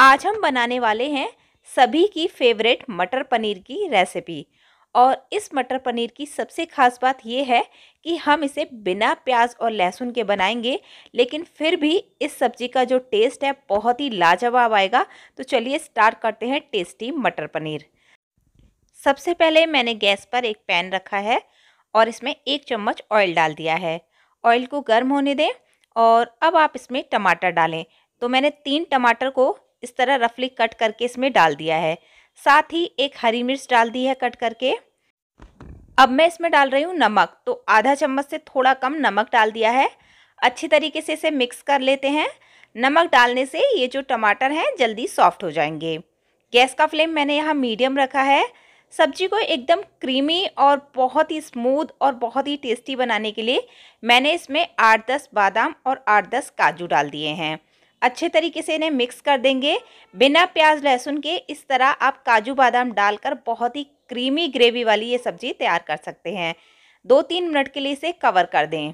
आज हम बनाने वाले हैं सभी की फेवरेट मटर पनीर की रेसिपी और इस मटर पनीर की सबसे खास बात यह है कि हम इसे बिना प्याज और लहसुन के बनाएंगे लेकिन फिर भी इस सब्ज़ी का जो टेस्ट है बहुत ही लाजवाब आएगा तो चलिए स्टार्ट करते हैं टेस्टी मटर पनीर सबसे पहले मैंने गैस पर एक पैन रखा है और इसमें एक चम्मच ऑयल डाल दिया है ऑयल को गर्म होने दें और अब आप इसमें टमाटर डालें तो मैंने तीन टमाटर को इस तरह रफली कट करके इसमें डाल दिया है साथ ही एक हरी मिर्च डाल दी है कट करके अब मैं इसमें डाल रही हूँ नमक तो आधा चम्मच से थोड़ा कम नमक डाल दिया है अच्छी तरीके से इसे मिक्स कर लेते हैं नमक डालने से ये जो टमाटर हैं जल्दी सॉफ्ट हो जाएंगे गैस का फ्लेम मैंने यहाँ मीडियम रखा है सब्जी को एकदम क्रीमी और बहुत ही स्मूथ और बहुत ही टेस्टी बनाने के लिए मैंने इसमें आठ दस बादाम और आठ दस काजू डाल दिए हैं अच्छे तरीके से इन्हें मिक्स कर देंगे बिना प्याज लहसुन के इस तरह आप काजू बादाम डालकर बहुत ही क्रीमी ग्रेवी वाली ये सब्ज़ी तैयार कर सकते हैं दो तीन मिनट के लिए इसे कवर कर दें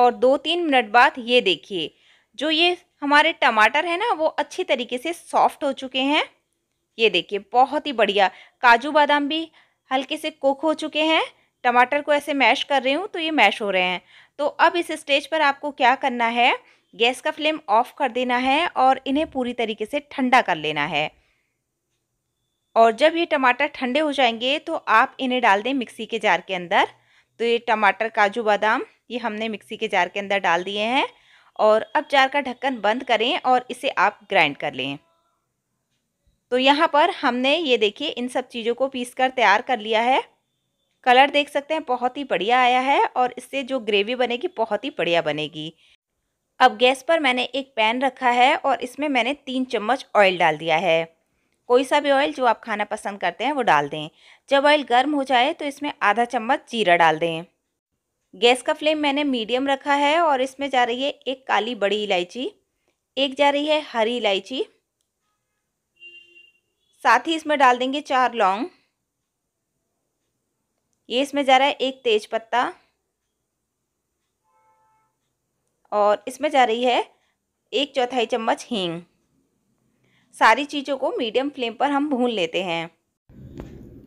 और दो तीन मिनट बाद ये देखिए जो ये हमारे टमाटर है ना वो अच्छी तरीके से सॉफ्ट हो चुके हैं ये देखिए बहुत ही बढ़िया काजू बादाम भी हल्के से कुक हो चुके हैं टमाटर को ऐसे मैश कर रही हूँ तो ये मैश हो रहे हैं तो अब इस स्टेज पर आपको क्या करना है गैस का फ्लेम ऑफ कर देना है और इन्हें पूरी तरीके से ठंडा कर लेना है और जब ये टमाटर ठंडे हो जाएंगे तो आप इन्हें डाल दें मिक्सी के जार के अंदर तो ये टमाटर काजू बादाम ये हमने मिक्सी के जार के अंदर डाल दिए हैं और अब जार का ढक्कन बंद करें और इसे आप ग्राइंड कर लें तो यहाँ पर हमने ये देखिए इन सब चीज़ों को पीस कर तैयार कर लिया है कलर देख सकते हैं बहुत ही बढ़िया आया है और इससे जो ग्रेवी बनेगी बहुत ही बढ़िया बनेगी अब गैस पर मैंने एक पैन रखा है और इसमें मैंने तीन चम्मच ऑयल डाल दिया है कोई सा भी ऑयल जो आप खाना पसंद करते हैं वो डाल दें जब ऑयल गर्म हो जाए तो इसमें आधा चम्मच जीरा डाल दें गैस का फ्लेम मैंने मीडियम रखा है और इसमें जा रही है एक काली बड़ी इलायची एक जा रही है हरी इलायची साथ ही इसमें डाल देंगे चार लौंग ये इसमें जा रहा है एक तेज पत्ता और इसमें जा रही है एक चौथाई चम्मच हींग सारी चीज़ों को मीडियम फ्लेम पर हम भून लेते हैं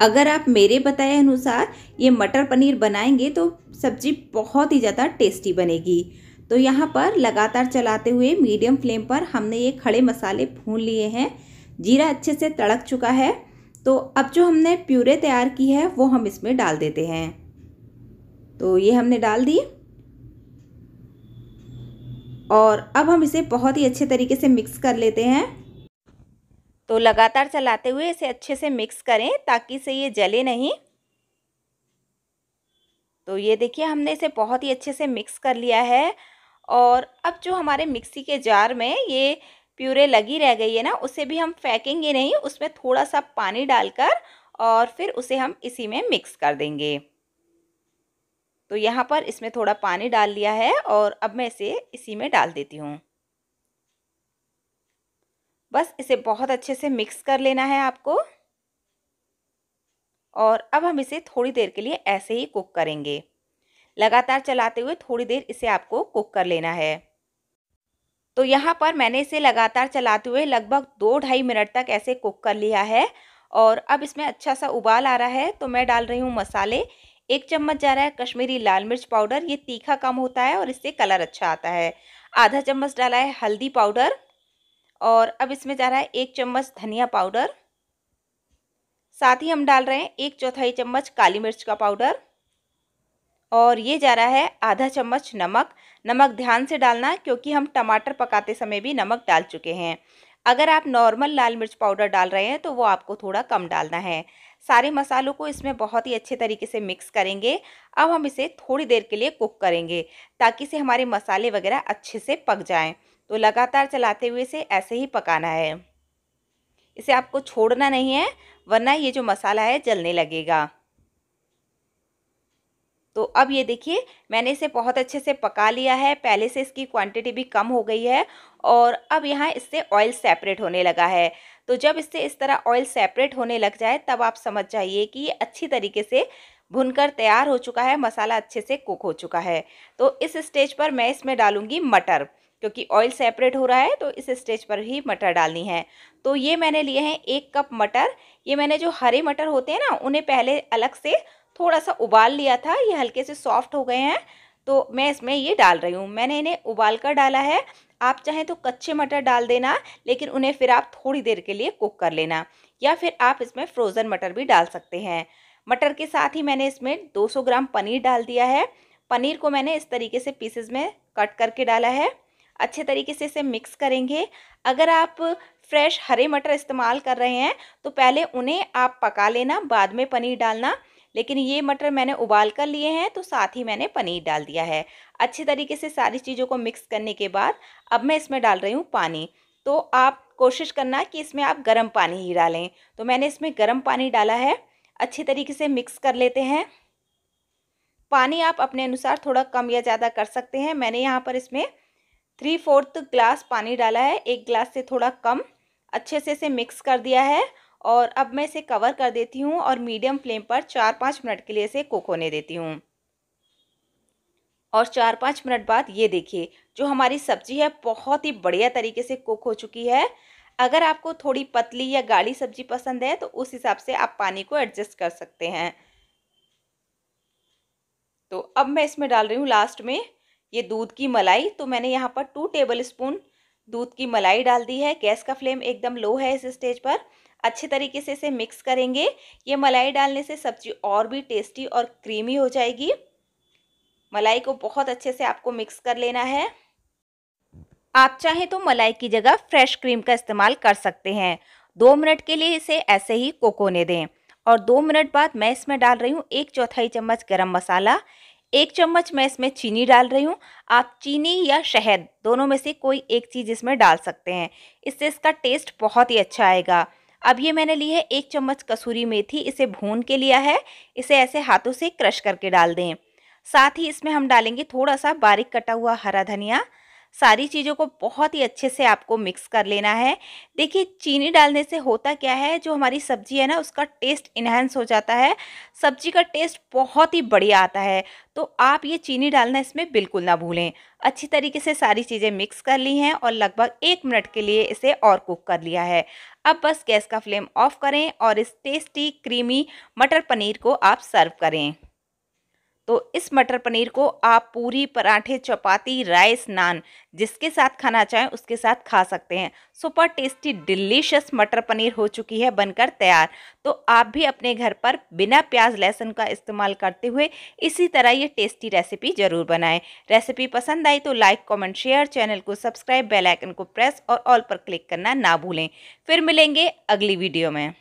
अगर आप मेरे बताए अनुसार ये मटर पनीर बनाएंगे तो सब्ज़ी बहुत ही ज़्यादा टेस्टी बनेगी तो यहाँ पर लगातार चलाते हुए मीडियम फ्लेम पर हमने ये खड़े मसाले भून लिए हैं जीरा अच्छे से तड़क चुका है तो अब जो हमने प्यूरे तैयार की है वो हम इसमें डाल देते हैं तो ये हमने डाल दी और अब हम इसे बहुत ही अच्छे तरीके से मिक्स कर लेते हैं तो लगातार चलाते हुए इसे अच्छे से मिक्स करें ताकि से ये जले नहीं तो ये देखिए हमने इसे बहुत ही अच्छे से मिक्स कर लिया है और अब जो हमारे मिक्सी के जार में ये प्यूरे लगी रह गई है ना उसे भी हम फेंकेंगे नहीं उसमें थोड़ा सा पानी डालकर और फिर उसे हम इसी में मिक्स कर देंगे तो यहाँ पर इसमें थोड़ा पानी डाल लिया है और अब मैं इसे इसी में डाल देती हूँ बस इसे बहुत अच्छे से मिक्स कर लेना है आपको और अब हम इसे थोड़ी देर के लिए ऐसे ही कुक करेंगे लगातार चलाते हुए थोड़ी देर इसे आपको कुक कर लेना है तो यहाँ पर मैंने इसे लगातार चलाते हुए लगभग दो ढाई मिनट तक ऐसे कुक कर लिया है और अब इसमें अच्छा सा उबाल आ रहा है तो मैं डाल रही हूँ मसाले एक चम्मच जा रहा है कश्मीरी लाल मिर्च पाउडर ये तीखा कम होता है और इससे कलर अच्छा आता है आधा चम्मच डाला है हल्दी पाउडर और अब इसमें जा रहा है एक चम्मच धनिया पाउडर साथ ही हम डाल रहे हैं एक चौथाई चम्मच काली मिर्च का पाउडर और ये जा रहा है आधा चम्मच नमक नमक ध्यान से डालना क्योंकि हम टमाटर पकाते समय भी नमक डाल चुके हैं अगर आप नॉर्मल लाल मिर्च पाउडर डाल रहे हैं तो वो आपको थोड़ा कम डालना है सारे मसालों को इसमें बहुत ही अच्छे तरीके से मिक्स करेंगे अब हम इसे थोड़ी देर के लिए कुक करेंगे ताकि से हमारे मसाले वगैरह अच्छे से पक जाएं तो लगातार चलाते हुए इसे ऐसे ही पकाना है इसे आपको छोड़ना नहीं है वरना ये जो मसाला है जलने लगेगा तो अब ये देखिए मैंने इसे बहुत अच्छे से पका लिया है पहले से इसकी क्वांटिटी भी कम हो गई है और अब यहाँ इससे ऑयल सेपरेट होने लगा है तो जब इससे इस तरह ऑयल सेपरेट होने लग जाए तब आप समझ जाइए कि ये अच्छी तरीके से भुनकर तैयार हो चुका है मसाला अच्छे से कुक हो चुका है तो इस स्टेज पर मैं इसमें डालूँगी मटर क्योंकि ऑयल सेपरेट हो रहा है तो इस स्टेज पर ही मटर डालनी है तो ये मैंने लिए हैं एक कप मटर ये मैंने जो हरे मटर होते हैं ना उन्हें पहले अलग से थोड़ा सा उबाल लिया था ये हल्के से सॉफ्ट हो गए हैं तो मैं इसमें ये डाल रही हूँ मैंने इन्हें उबाल कर डाला है आप चाहें तो कच्चे मटर डाल देना लेकिन उन्हें फिर आप थोड़ी देर के लिए कुक कर लेना या फिर आप इसमें फ्रोज़न मटर भी डाल सकते हैं मटर के साथ ही मैंने इसमें 200 ग्राम पनीर डाल दिया है पनीर को मैंने इस तरीके से पीसेज में कट करके डाला है अच्छे तरीके से इसे मिक्स करेंगे अगर आप फ्रेश हरे मटर इस्तेमाल कर रहे हैं तो पहले उन्हें आप पका लेना बाद में पनीर डालना लेकिन ये मटर मैंने उबाल कर लिए हैं तो साथ ही मैंने पनीर डाल दिया है अच्छे तरीके से सारी चीज़ों को मिक्स करने के बाद अब मैं इसमें डाल रही हूँ पानी तो आप कोशिश करना कि इसमें आप गर्म पानी ही डालें तो मैंने इसमें गर्म पानी डाला है अच्छे तरीके से मिक्स कर लेते हैं पानी आप अपने अनुसार थोड़ा कम या ज़्यादा कर सकते हैं मैंने यहाँ पर इसमें थ्री फोर्थ ग्लास पानी डाला है एक ग्लास से थोड़ा कम अच्छे से इसे मिक्स कर दिया है और अब मैं इसे कवर कर देती हूँ और मीडियम फ्लेम पर चार पाँच मिनट के लिए इसे कुक होने देती हूँ और चार पाँच मिनट बाद ये देखिए जो हमारी सब्ज़ी है बहुत ही बढ़िया तरीके से कुक हो चुकी है अगर आपको थोड़ी पतली या गाढ़ी सब्जी पसंद है तो उस हिसाब से आप पानी को एडजस्ट कर सकते हैं तो अब मैं इसमें डाल रही हूँ लास्ट में ये दूध की मलाई तो मैंने यहाँ पर टू टेबल स्पून दूध की मलाई डाल दी है गैस का फ्लेम एकदम लो है इस स्टेज पर अच्छे तरीके से इसे मिक्स करेंगे ये मलाई डालने से सब्जी और भी टेस्टी और क्रीमी हो जाएगी मलाई को बहुत अच्छे से आपको मिक्स कर लेना है आप चाहें तो मलाई की जगह फ्रेश क्रीम का इस्तेमाल कर सकते हैं दो मिनट के लिए इसे ऐसे ही कोकोने दें और दो मिनट बाद मैं इसमें डाल रही हूँ एक चौथाई चम्मच गरम मसाला एक चम्मच मैं इसमें चीनी डाल रही हूँ आप चीनी या शहद दोनों में से कोई एक चीज़ इसमें डाल सकते हैं इससे इसका टेस्ट बहुत ही अच्छा आएगा अब ये मैंने ली है एक चम्मच कसूरी मेथी इसे भून के लिया है इसे ऐसे हाथों से क्रश करके डाल दें साथ ही इसमें हम डालेंगे थोड़ा सा बारीक कटा हुआ हरा धनिया सारी चीज़ों को बहुत ही अच्छे से आपको मिक्स कर लेना है देखिए चीनी डालने से होता क्या है जो हमारी सब्ज़ी है ना उसका टेस्ट इन्हेंस हो जाता है सब्ज़ी का टेस्ट बहुत ही बढ़िया आता है तो आप ये चीनी डालना इसमें बिल्कुल ना भूलें अच्छी तरीके से सारी चीज़ें मिक्स कर ली हैं और लगभग एक मिनट के लिए इसे और कुक कर लिया है अब बस गैस का फ्लेम ऑफ करें और इस टेस्टी क्रीमी मटर पनीर को आप सर्व करें तो इस मटर पनीर को आप पूरी पराठे चपाती राइस नान जिसके साथ खाना चाहें उसके साथ खा सकते हैं super tasty delicious matar paneer हो चुकी है बनकर तैयार तो आप भी अपने घर पर बिना प्याज लहसुन का इस्तेमाल करते हुए इसी तरह ये टेस्टी रेसिपी ज़रूर बनाएं रेसिपी पसंद आई तो लाइक कमेंट शेयर चैनल को सब्सक्राइब बेलाइकन को प्रेस और ऑल पर क्लिक करना ना भूलें फिर मिलेंगे अगली वीडियो में